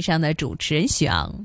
上的主持人徐昂。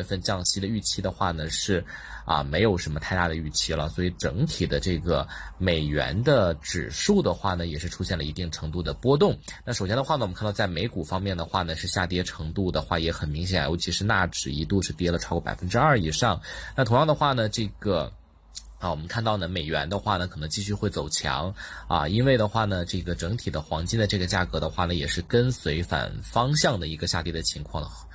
月份降息的預期的話呢，是啊，沒有什麼太大的預期了，所以整體的這個美元的指數的話呢，也是出現了一定程度的波動。那首先的話呢，我們看到在美股方面的話呢，是下跌程度的話也很明顯，尤其是納指一度是跌了超過百分之二以上。那同樣的話呢，這個啊，我們看到呢，美元的話呢，可能繼續會走強啊，因為的話呢，這個整體的黃金的這個價格的話呢，也是跟隨反方向的一個下跌的情況。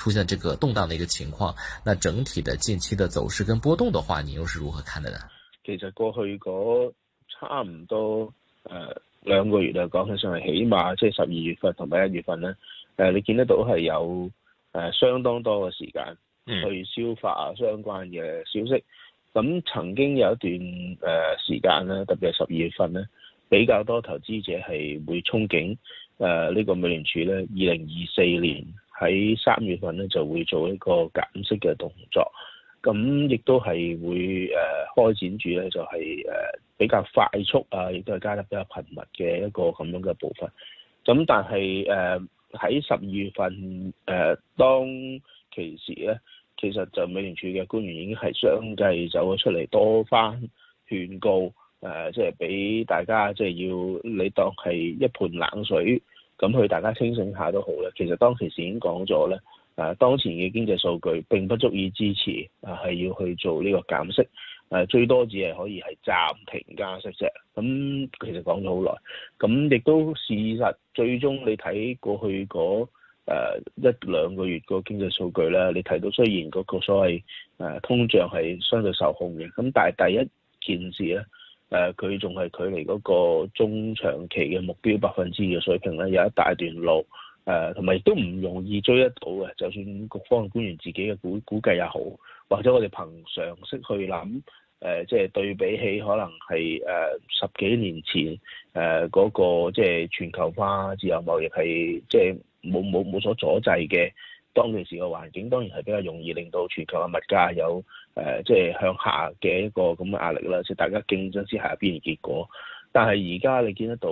出現這個動盪的一個情況，那整體的近期的走勢跟波動的話，你又是如何看的呢？其實過去嗰差唔多誒、呃、兩個月嚟講起上嚟，起碼即係十二月份同埋一月份咧，誒、呃、你見得到係有誒、呃、相當多嘅時間去消化相關嘅消息。咁、嗯、曾經有一段誒、呃、時間咧，特別係十二月份咧，比較多投資者係會憧憬誒呢、呃這個美聯儲咧二零二四年。喺三月份咧就會做一個減息嘅動作，咁亦都係會誒、呃、開展住咧，就係、是、誒、呃、比較快速啊，亦都係加得比較頻密嘅一個咁樣嘅部分。咁但係誒喺十二月份誒、呃、當其時咧，其實就美聯儲嘅官員已經係相繼走咗出嚟多番勸告，誒即係俾大家即係、就是、要你當係一盆冷水。咁佢大家清醒下都好啦。其實當其時已經講咗咧，誒，當前嘅經濟數據並不足以支持，誒，係要去做呢個減息，誒，最多只係可以係暫停加息啫。咁其實講咗好耐，咁亦都事實最終你睇過去嗰一兩個月個經濟數據咧，你睇到雖然嗰個所謂誒通脹係相對受控嘅，咁但係第一件事咧。誒佢仲係距離嗰個中長期嘅目標百分之二嘅水平咧，有一大段路，誒同埋亦都唔容易追得到嘅。就算局方嘅官員自己嘅估估計也好，或者我哋憑常識去諗，誒即係對比起可能係誒、呃、十幾年前誒嗰、呃那個即係全球化自由貿易係即係冇冇冇所阻滯嘅。當其時嘅環境當然係比較容易令到全球嘅物價有誒，即、呃、係、就是、向下嘅一個咁嘅壓力啦。即、就、係、是、大家競爭之下必然嘅結果。但係而家你見得到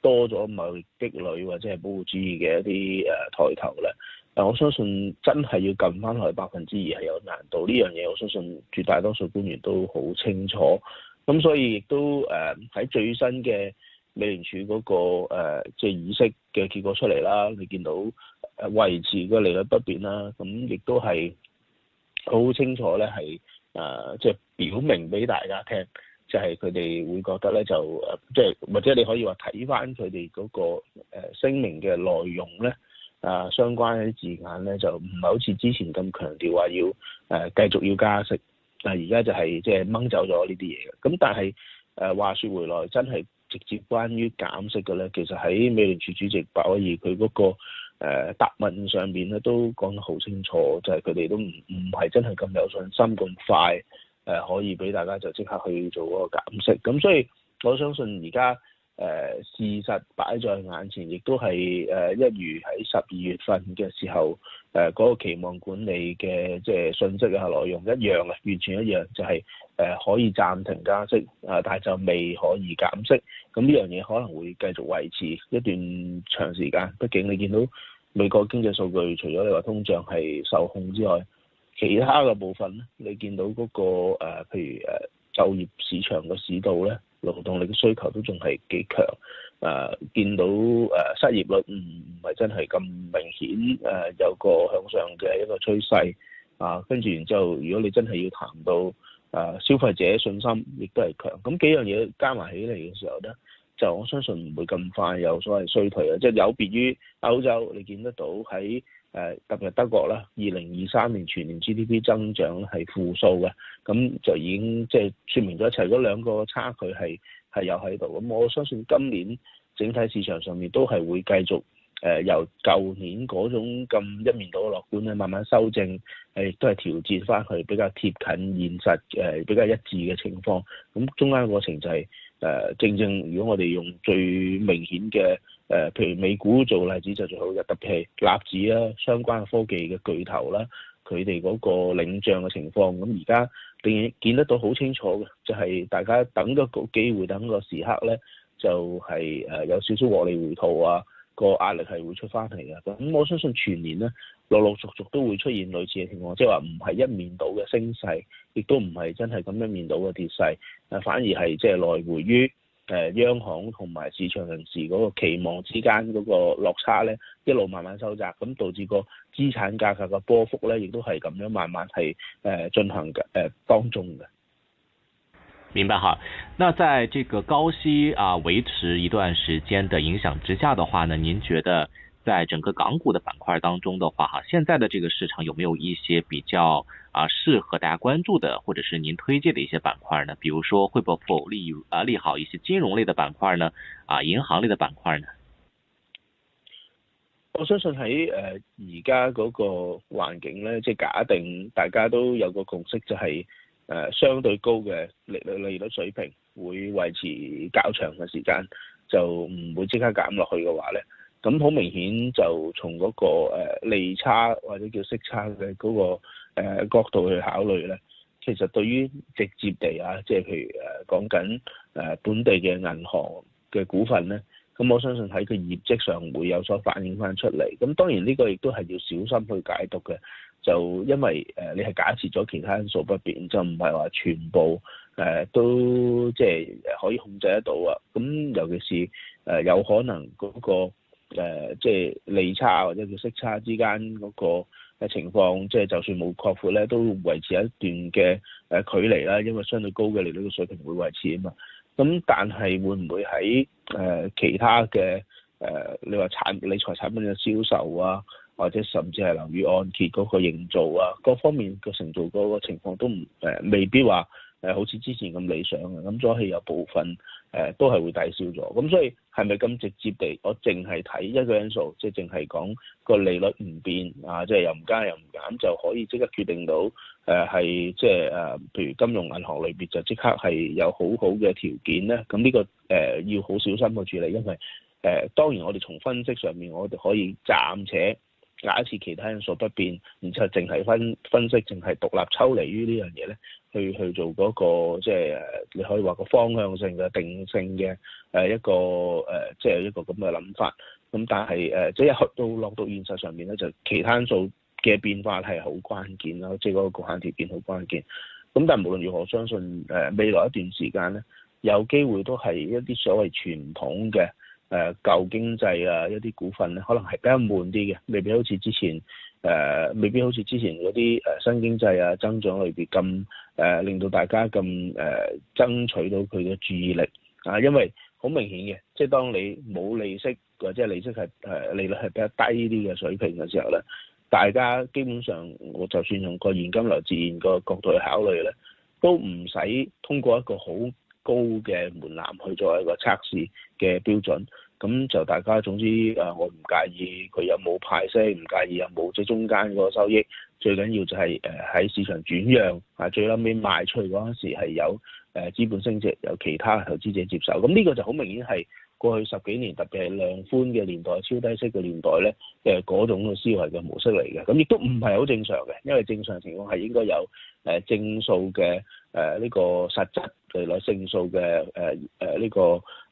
多咗貿易壁壘或者係保護主義嘅一啲誒抬頭啦。但、呃、我相信真係要撳翻去百分之二係有難度呢樣嘢。我相信絕大多數官員都好清楚。咁所以亦都誒喺、呃、最新嘅。美元處嗰個即係意識嘅結果出嚟啦，你見到誒維持個利率不變啦，咁、嗯、亦都係好清楚咧，係誒即係表明俾大家聽，就係佢哋會覺得咧就誒即係或者你可以話睇翻佢哋嗰個誒、呃、聲明嘅內容咧，啊相關一啲字眼咧就唔係好似之前咁強調話要誒、呃、繼續要加息，但係而家就係即係掹走咗呢啲嘢嘅。咁、嗯、但係誒、呃、話說回來，真係。直接關於減息嘅咧，其實喺美聯儲主席鮑威爾佢嗰、那個、呃、答問上邊咧，都講得好清楚，就係佢哋都唔唔係真係咁有信心咁快誒、呃、可以俾大家就即刻去做嗰個減息。咁所以我相信而家。誒，事實擺在眼前，亦都係誒一如喺十二月份嘅時候，誒、那、嗰個期望管理嘅即係信息啊內容一樣嘅，完全一樣，就係、是、誒可以暫停加息啊，但係就未可以減息。咁呢樣嘢可能會繼續維持一段長時間。畢竟你見到美國經濟數據，除咗你話通脹係受控之外，其他嘅部分咧，你見到嗰、那個譬如誒就業市場嘅市道咧。勞動力嘅需求都仲係幾強，誒見到誒失業率唔唔係真係咁明顯，誒有個向上嘅一個趨勢，啊跟住然之後，如果你真係要談到誒消費者信心，亦都係強，咁幾樣嘢加埋起嚟嘅時候咧，就我相信唔會咁快有所謂衰退啊，即係有別於歐洲，你見得到喺。誒特別德國啦，二零二三年全年 GDP 增長係負數嘅，咁就已經即係説明咗，齊咗兩個差距係係有喺度，咁我相信今年整體市場上面都係會繼續誒、呃、由舊年嗰種咁一面倒嘅樂觀咧，慢慢修正，誒亦都係調節翻佢比較貼近現實誒、呃、比較一致嘅情況，咁中間過程就係、是、誒、呃、正正，如果我哋用最明顯嘅。誒，譬、呃、如美股做例子就最好嘅，特別係納指啦、啊，相關科技嘅巨頭啦，佢哋嗰個領漲嘅情況，咁而家定見得到好清楚嘅，就係、是、大家等個個機會，等個時刻咧，就係、是、誒、啊、有少少獲利回吐啊，啊，個壓力係會出翻嚟嘅。咁、啊啊、我相信全年咧，陸陸續續都會出現類似嘅情況，即係話唔係一面倒嘅升勢，亦都唔係真係咁一面倒嘅跌勢，誒、啊、反而係即係來回於。誒、呃、央行同埋市場人士嗰個期望之間嗰個落差咧，一路慢慢收窄，咁導致個資產價格嘅波幅咧，亦都係咁樣慢慢係誒進行嘅誒、呃、當中嘅。明白嚇，那在這個高息啊維持一段時間嘅影響之下嘅話呢？您覺得？在整個港股的板塊當中的話，哈，現在的這個市場有沒有一些比較啊適合大家關注的，或者是您推介的一些板塊呢？比如說會否否利啊利好一些金融類的板塊呢？啊，銀行類的板塊呢？我相信喺誒而家嗰個環境呢，即係假定大家都有個共識、就係，就係誒相對高嘅利率利率水平會維持較長嘅時間，就唔會即刻減落去嘅話咧。咁好明顯就從嗰個利差或者叫息差嘅嗰個角度去考慮咧，其實對於直接地啊，即係譬如誒講緊誒本地嘅銀行嘅股份咧，咁我相信喺佢業績上會有所反映翻出嚟。咁當然呢個亦都係要小心去解讀嘅，就因為誒你係假設咗其他因素不變，就唔係話全部誒都即係誒可以控制得到啊。咁尤其是誒有可能嗰個。誒、呃，即係利差或者叫息差之間嗰個嘅情況，即係就算冇擴闊咧，都維持一段嘅誒距離啦。因為相對高嘅利率嘅水平會維持啊嘛。咁但係會唔會喺誒、呃、其他嘅誒、呃，你話產理財產品嘅銷售啊，或者甚至係樓宇按揭嗰個承造啊，各方面嘅承造嗰個情況都唔誒、呃，未必話。誒好似之前咁理想嘅，咁所以有部分誒都係會抵消咗。咁所以係咪咁直接地，我淨係睇一個因素，即係淨係講個利率唔變啊，即係又唔加又唔減，就可以即刻決定到誒係即係誒，譬如金融銀行裏邊就即刻係有好好嘅條件咧。咁呢個誒要好小心個處理，因為誒當然我哋從分析上面，我哋可以暫且假設其他因素不變，而且淨係分分析淨係獨立抽離於呢樣嘢咧。去去做嗰、那個即係，就是、你可以話個方向性嘅定性嘅，誒一個誒、呃就是嗯呃，即係一個咁嘅諗法。咁但係誒，即係一去到落到現實上面咧，就其他數嘅變化係好關鍵咯，即係嗰個局限條件好關鍵。咁、嗯、但係無論如何，相信誒、呃、未來一段時間咧，有機會都係一啲所謂傳統嘅誒、呃、舊經濟啊，一啲股份咧，可能係比較悶啲嘅，未必好似之前。誒、呃、未必好似之前嗰啲誒新經濟啊，增長類別咁，誒令到大家咁誒、呃、爭取到佢嘅注意力啊，因為好明顯嘅，即係當你冇利息或者利息係誒利率係比較低啲嘅水平嘅時候咧，大家基本上我就算用個現金流自然個角度去考慮咧，都唔使通過一個好。高嘅門檻去做一個測試嘅標準，咁就大家總之誒、呃，我唔介意佢有冇派息，唔介意有冇咗中間嗰個收益，最緊要就係誒喺市場轉讓啊，最後尾賣出去嗰陣時係有誒、呃、資本升值，有其他投資者接受，咁呢個就好明顯係。過去十幾年，特別係量寬嘅年代、超低息嘅年代咧，誒、呃、嗰種嘅思維嘅模式嚟嘅，咁亦都唔係好正常嘅，因為正常情況係應該有誒、呃、正數嘅誒呢個實質利率正數嘅誒誒呢個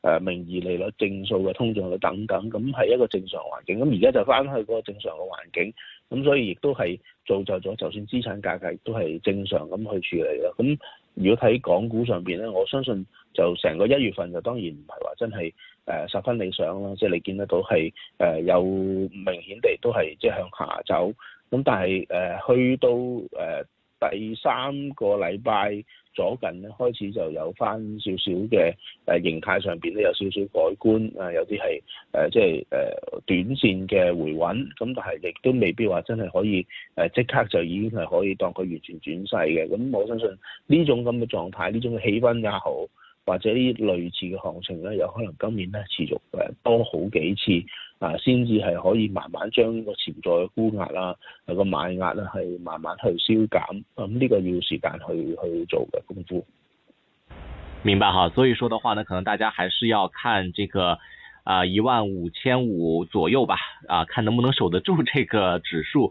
誒名義利率、呃、正數嘅通脹率等等，咁、嗯、係一個正常環境。咁而家就返去嗰個正常嘅環境，咁、嗯、所以亦都係造就咗，就算資產價格都係正常咁去處理啦，咁、嗯。如果睇港股上邊咧，我相信就成個一月份就當然唔係話真係誒、呃、十分理想啦，即係你見得到係誒、呃、有明顯地都係即係向下走，咁但係誒、呃、去到誒、呃、第三個禮拜左近咧開始就有翻少少嘅誒形態上邊咧有少少改觀啊，有啲係誒即係誒、呃、短線嘅回穩，咁但係亦都未必話真係可以誒即、呃、刻就已經係可以當佢完全轉勢嘅，咁我相信呢種咁嘅狀態、呢種氣氛也好，或者啲類似嘅行情咧，有可能今年咧持續誒多好幾次。啊，先至係可以慢慢將呢個潛在嘅沽壓啦，個、啊、買壓啦，係慢慢去消減。咁、嗯、呢、這個要時間去去做嘅功夫。明白哈，所以說的話呢，可能大家還是要看這個啊，一萬五千五左右吧，啊，看能不能守得住這個指數。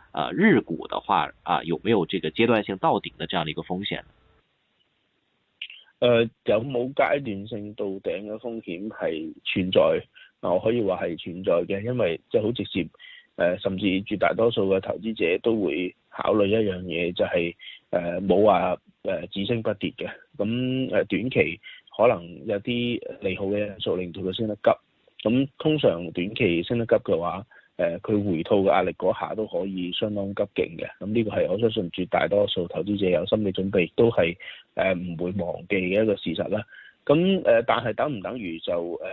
啊，日股的話啊，有沒有這個階段性到頂的這樣的個風險？誒、呃，有冇階段性到頂嘅風險係存在？我可以話係存在嘅，因為即係好直接誒、呃，甚至絕大多數嘅投資者都會考慮一樣嘢，就係誒冇話誒只升不跌嘅。咁誒、呃、短期可能有啲利好嘅因素令到佢升得急。咁通常短期升得急嘅話，誒佢、呃、回吐嘅壓力嗰下都可以相當急勁嘅，咁、嗯、呢、這個係我相信絕大多數投資者有心理準備，都係誒唔會忘記嘅一個事實啦。咁、嗯、誒、呃，但係等唔等於就誒、呃？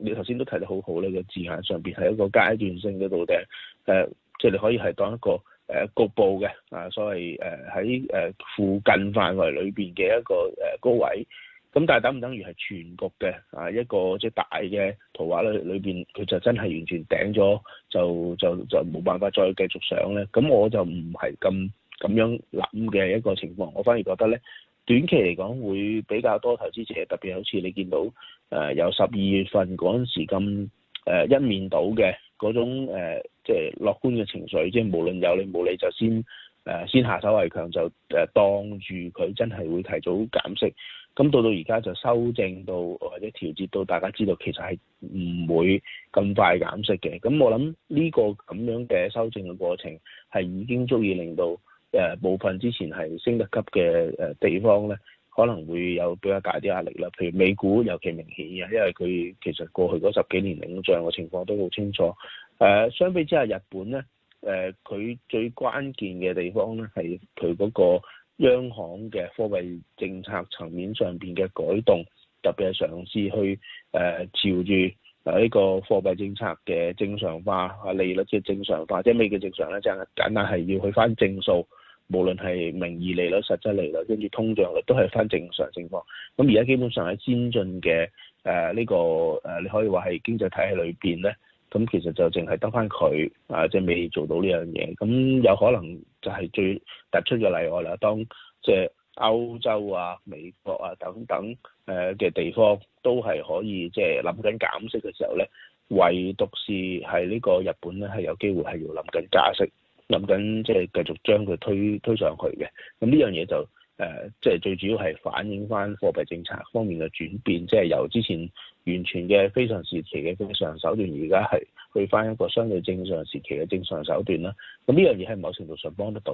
你頭先都提得好好咧，個字眼上邊係一個階段性嘅度嘅，誒、呃，即、就、係、是、你可以係當一個誒、呃、局部嘅啊，所謂誒喺誒附近範圍裏邊嘅一個誒、呃、高位。咁但係等唔等於係全局嘅啊一個即係大嘅圖畫咧，裏邊佢就真係完全頂咗，就就就冇辦法再繼續上咧。咁我就唔係咁咁樣諗嘅一個情況，我反而覺得咧短期嚟講會比較多投資者，特別好似你見到誒有十二月份嗰陣時咁誒、呃、一面倒嘅嗰種即係、呃就是、樂觀嘅情緒，即係無論有你冇你就先誒、呃、先下手為強，就誒當住佢真係會提早減息。咁到到而家就修正到或者調節到，大家知道其實係唔會咁快減息嘅。咁我諗呢個咁樣嘅修正嘅過程係已經足以令到誒、呃、部分之前係升得急嘅誒地方咧，可能會有比較大啲壓力啦。譬如美股尤其明顯嘅，因為佢其實過去嗰十幾年領漲嘅情況都好清楚。誒、呃，相比之下，日本咧誒佢最關鍵嘅地方咧係佢嗰個。央行嘅貨幣政策層面上邊嘅改動，特別係嘗試去誒朝住啊呢個貨幣政策嘅正常化，啊利率嘅正常化，即係咩叫正常咧？即係簡單係要去翻正數，無論係名義利率、實質利率跟住通脹率都係翻正常情況。咁而家基本上喺先進嘅誒呢個誒、呃，你可以話係經濟體系裏邊咧。咁其實就淨係得翻佢啊，即係未做到呢樣嘢。咁有可能就係最突出嘅例外啦。當即係歐洲啊、美國啊等等誒嘅地方都係可以即係諗緊減息嘅時候咧，唯獨是喺呢個日本咧係有機會係要諗緊加息，諗緊即係繼續將佢推推上去嘅。咁呢樣嘢就。誒，即係最主要係反映翻貨幣政策方面嘅轉變，即係由之前完全嘅非常時期嘅非常手段，而家係去翻一個相對正常時期嘅正常手段啦。咁呢樣嘢喺某程度上幫得到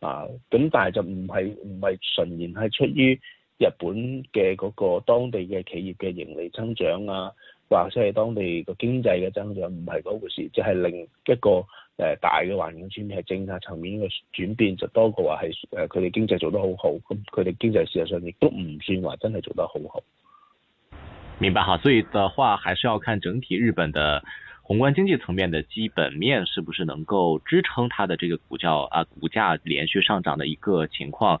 啊，咁但係就唔係唔係純然係出於日本嘅嗰個當地嘅企業嘅盈利增長啊。或者係當地個經濟嘅增長唔係嗰回事，即係另一個誒、呃、大嘅環境轉變，政策層面嘅轉變就多過話係誒佢哋經濟做得好好，咁佢哋經濟事實上亦都唔算話真係做得好好。明白吓，所以的話，還是要看整體日本嘅宏觀經濟層面嘅基本面，是不是能夠支撐它的這個股價啊，股價連續上漲的一個情況。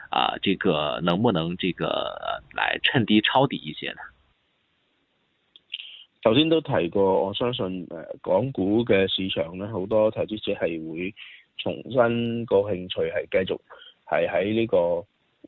啊，這個能不能這個來趁低抄底一些呢？頭先都提過，我相信誒港股嘅市場咧，好多投資者係會重新個興趣係繼續，這個，係喺呢個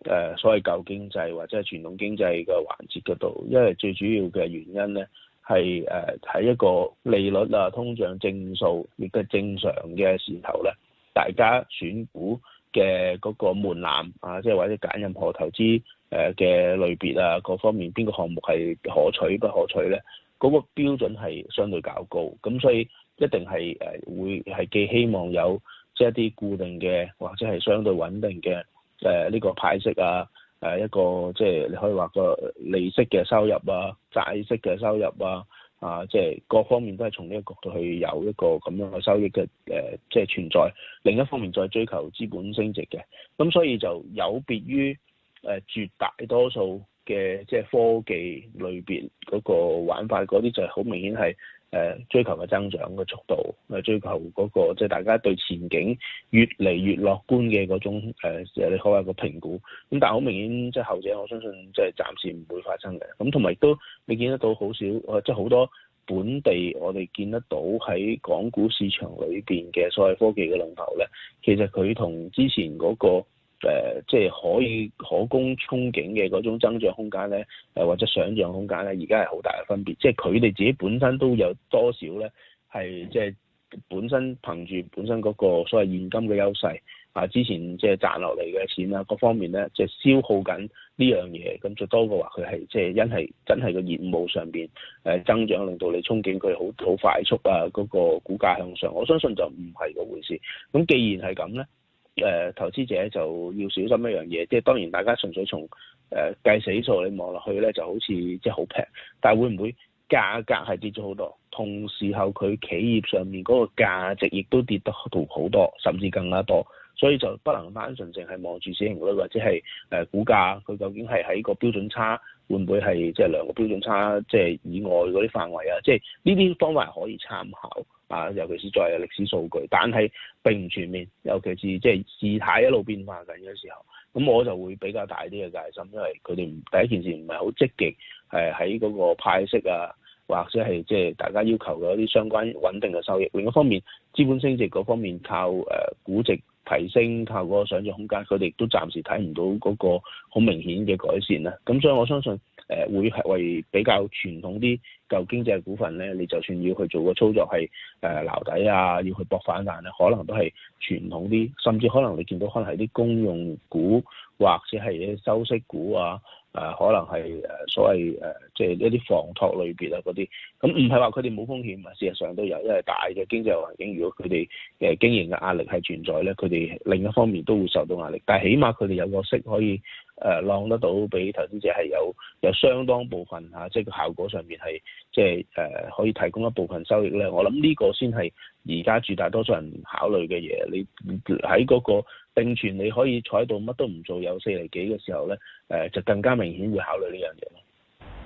誒所謂舊經濟或者係傳統經濟嘅環節嗰度，因為最主要嘅原因咧係誒喺一個利率啊、通脹正數亦都係正常嘅時候咧，大家選股。嘅嗰個門檻啊，即係或者揀任何投資誒嘅類別啊，各方面邊個項目係可取不可取咧？嗰、那個標準係相對較高，咁所以一定係誒會係寄希望有即係、就是、一啲固定嘅或者係相對穩定嘅誒呢個派息啊，誒、啊、一個即係、就是、你可以話個利息嘅收入啊，債息嘅收入啊。啊，即係各方面都係從呢個角度去有一個咁樣嘅收益嘅誒，即係存在。另一方面，再追求資本升值嘅，咁所以就有別於誒絕大多數嘅即係科技類別嗰個玩法，嗰啲就係好明顯係。誒追求嘅增長嘅速度，誒追求嗰、那個即係、就是、大家對前景越嚟越樂觀嘅嗰種誒，你可謂個評估。咁但係好明顯，即係後者，我相信即係暫時唔會發生嘅。咁同埋都你見得到好少，即係好多本地我哋見得到喺港股市場裏邊嘅所謂科技嘅龍頭咧，其實佢同之前嗰、那個。誒，即係可以可供憧憬嘅嗰種增長空間咧，誒或者想象空間咧，而家係好大嘅分別。即係佢哋自己本身都有多少咧，係即係本身憑住本身嗰個所謂現金嘅優勢啊，之前即係賺落嚟嘅錢啊，各方面咧，即係消耗緊呢樣嘢，咁就多過話佢係即係因係真係個業務上邊誒增長令到你憧憬佢好好快速啊嗰個股價向上，我相信就唔係嗰回事。咁既然係咁咧？誒、呃、投資者就要小心一樣嘢，即係當然大家純粹從誒、呃、計死數你，你望落去咧就好似即係好平，但係會唔會價格係跌咗好多？同時候佢企業上面嗰個價值亦都跌得好好多，甚至更加多，所以就不能單純淨係望住市盈率或者係誒、呃、股價，佢究竟係喺個標準差。會唔會係即係兩個標準差即係、就是、以外嗰啲範圍啊？即係呢啲方法可以參考啊，尤其是作為歷史數據，但係並唔全面，尤其是即係事態一路變化緊嘅時候，咁我就會比較大啲嘅戒心，因為佢哋第一件事唔係好積極，係喺嗰個派息啊，或者係即係大家要求嘅一啲相關穩定嘅收益。另一方面，資本升值嗰方面靠誒呃，估值。提升效果嘅上漲空間，佢哋都暫時睇唔到嗰個好明顯嘅改善啦。咁所以我相信。誒會係為比較傳統啲舊經濟股份咧，你就算要去做個操作係誒撈底啊，要去搏反彈咧、啊，可能都係傳統啲，甚至可能你見到可能係啲公用股或者係啲收息股啊，誒、呃、可能係誒所謂誒即係一啲房託類別啊嗰啲，咁唔係話佢哋冇風險啊，事實上都有，因為大嘅經濟環境，如果佢哋誒經營嘅壓力係存在咧，佢哋另一方面都會受到壓力，但係起碼佢哋有個息可以。誒浪、嗯、得到俾投資者係有有相當部分嚇、啊，即係個效果上面係即係誒、呃、可以提供一部分收益咧。我諗呢個先係而家絕大多數人考慮嘅嘢。你喺嗰個定存，你可以採到乜都唔做有四厘幾嘅時候咧，誒、呃、就更加明顯會考慮呢樣嘢。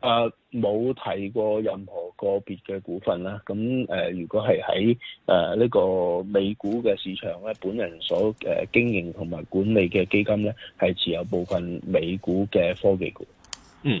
啊，冇提過任何個別嘅股份啦。咁誒、呃，如果係喺誒呢個美股嘅市場咧，本人所誒、呃、經營同埋管理嘅基金咧，係持有部分美股嘅科技股。嗯。